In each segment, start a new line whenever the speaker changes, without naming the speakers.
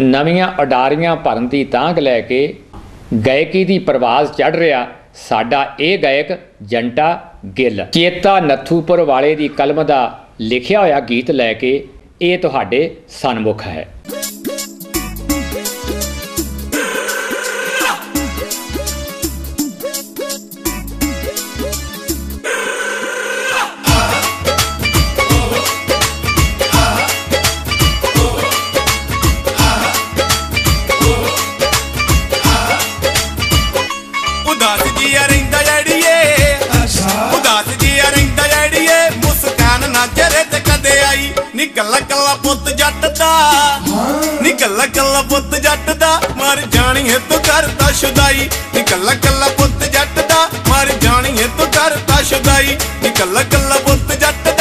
ਨਵੀਆਂ ਅਡਾਰੀਆਂ ਭਰਨ ਦੀ ਤਾਂਗ ਲੈ ਕੇ ਗਾਇਕੀ ਦੀ ਪ੍ਰਵਾਜ਼ ਚੜ ਰਿਹਾ ਸਾਡਾ ਇਹ ਗਾਇਕ ਜੰਟਾ ਗਿੱਲ ਚੇਤਾ ਨੱਥੂਪੁਰ ਵਾਲੇ ਦੀ ਕਲਮ ਦਾ ਲਿਖਿਆ ਹੋਇਆ ਗੀਤ ਲੈ ਕੇ ਇਹ ਤੁਹਾਡੇ ਸਨਮੁਖ ਹੈ
ਉਦਾਸ ਜੀਆ ਰਹਿੰਦਾ ਜੜੀਏ ਉਦਾਸ ਜੀਆ ਰਹਿੰਦਾ ਜੜੀਏ ਮੁਸਕਾਨ ਨਾ ਚਿਹਰੇ ਤੇ ਕਦੇ ਆਈ ਨੀ ਕੱਲਾ ਕੱਲਾ ਪੁੱਤ ਜੱਟ ਦਾ ਨੀ ਕੱਲਾ ਕੱਲਾ ਪੁੱਤ ਜੱਟ ਦਾ ਮਰ ਜਾਣੀ ਹੈ ਤੂੰ ਕਰਤਾ ਸ਼ੁਦਾਈ ਨੀ ਕੱਲਾ ਕੱਲਾ ਪੁੱਤ ਜੱਟ ਦਾ ਮਰ ਜਾਣੀ ਹੈ ਤੂੰ ਕਰਤਾ ਸ਼ੁਦਾਈ ਨੀ ਕੱਲਾ ਕੱਲਾ ਪੁੱਤ ਜੱਟ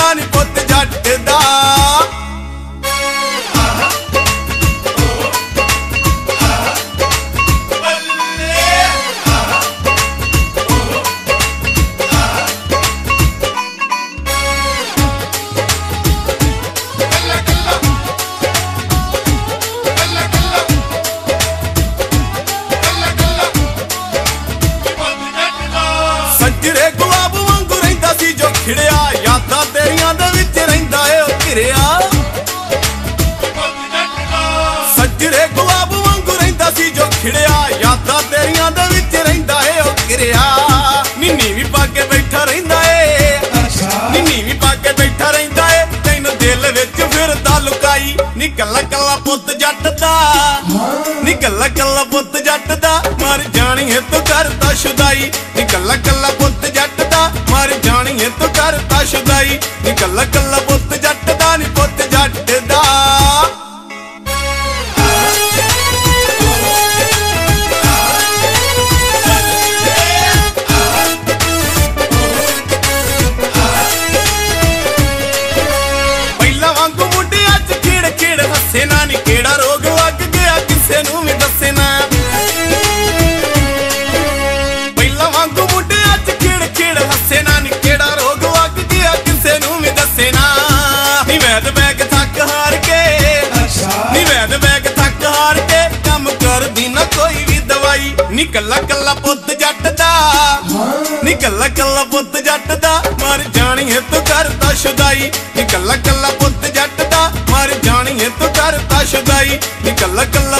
ਅੱਖਾਂ ਦੇ ਵਿੱਚ ਰਹਿੰਦਾ ਏ ਉਹ ਕਿਰਿਆ ਨੀਨੀ ਵੀ ਪਾ ਕੇ ਬੈਠਾ ਰਹਿੰਦਾ ਏ ਨੀਨੀ ਵੀ ਪਾ ਕੇ ਬੈਠਾ ਰਹਿੰਦਾ ਏ ਤੈਨੂੰ ਦਿਲ ਵਿੱਚ ਫਿਰਦਾ ਲੁਕਾਈ ਨਿਕਲ ਕੱਲਾ ਪੁੱਤ ਜੱਟ ਦਾ ਨਿਕਲ ਕੱਲਾ ਪੁੱਤ ਜੱਟ ਦਾ ਮਰ ਜਾਣੀ ਏ ਤੂੰ ਕਰਦਾ ਸ਼ੁਦਾਈ ਨਿਕਲ ਕੱਲਾ ਪੁੱਤ ਜੱਟ ਦਾ ਮਰ ਜਾਣੀ ਏ ਤੂੰ ਕਰਦਾ ਸ਼ੁਦਾਈ ਨਿਕਲ ਕੱਲਾ ਪੁੱਤ ਜੱਟ ਦਾ ਨੀ ਪੁੱਤ ਜੱਟ ਦਾ ਨਿਕੱਲਾ ਕੱਲਾ ਪੁੱਤ ਜੱਟ ਦਾ ਨਿਕੱਲਾ ਕੱਲਾ ਪੁੱਤ ਜੱਟ ਦਾ ਮਰ ਜਾਣੀਏ ਤੂੰ ਕਰਦਾ ਸ਼ੁਦਾਈ ਨਿਕੱਲਾ ਕੱਲਾ ਪੁੱਤ ਜੱਟ ਦਾ ਮਰ ਜਾਣੀਏ ਤੂੰ ਕਰਦਾ ਸ਼ੁਦਾਈ ਨਿਕੱਲਾ ਕੱਲਾ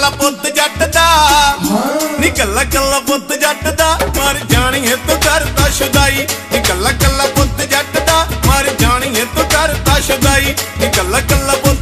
ਕੱਲਾ ਪੁੱਤ ਜੱਟ ਦਾ ਨੀ ਕੱਲਾ ਕੱਲਾ ਪੁੱਤ ਜੱਟ ਦਾ ਮਰ ਜਾਣੀ ਤੂੰ ਕਰਦਾ ਸ਼ੁਦਾਈ ਨੀ ਕੱਲਾ ਕੱਲਾ ਪੁੱਤ ਜੱਟ ਦਾ ਮਰ ਜਾਣੀ ਤੂੰ ਕਰਦਾ ਸ਼ੁਦਾਈ ਨੀ ਕੱਲਾ ਕੱਲਾ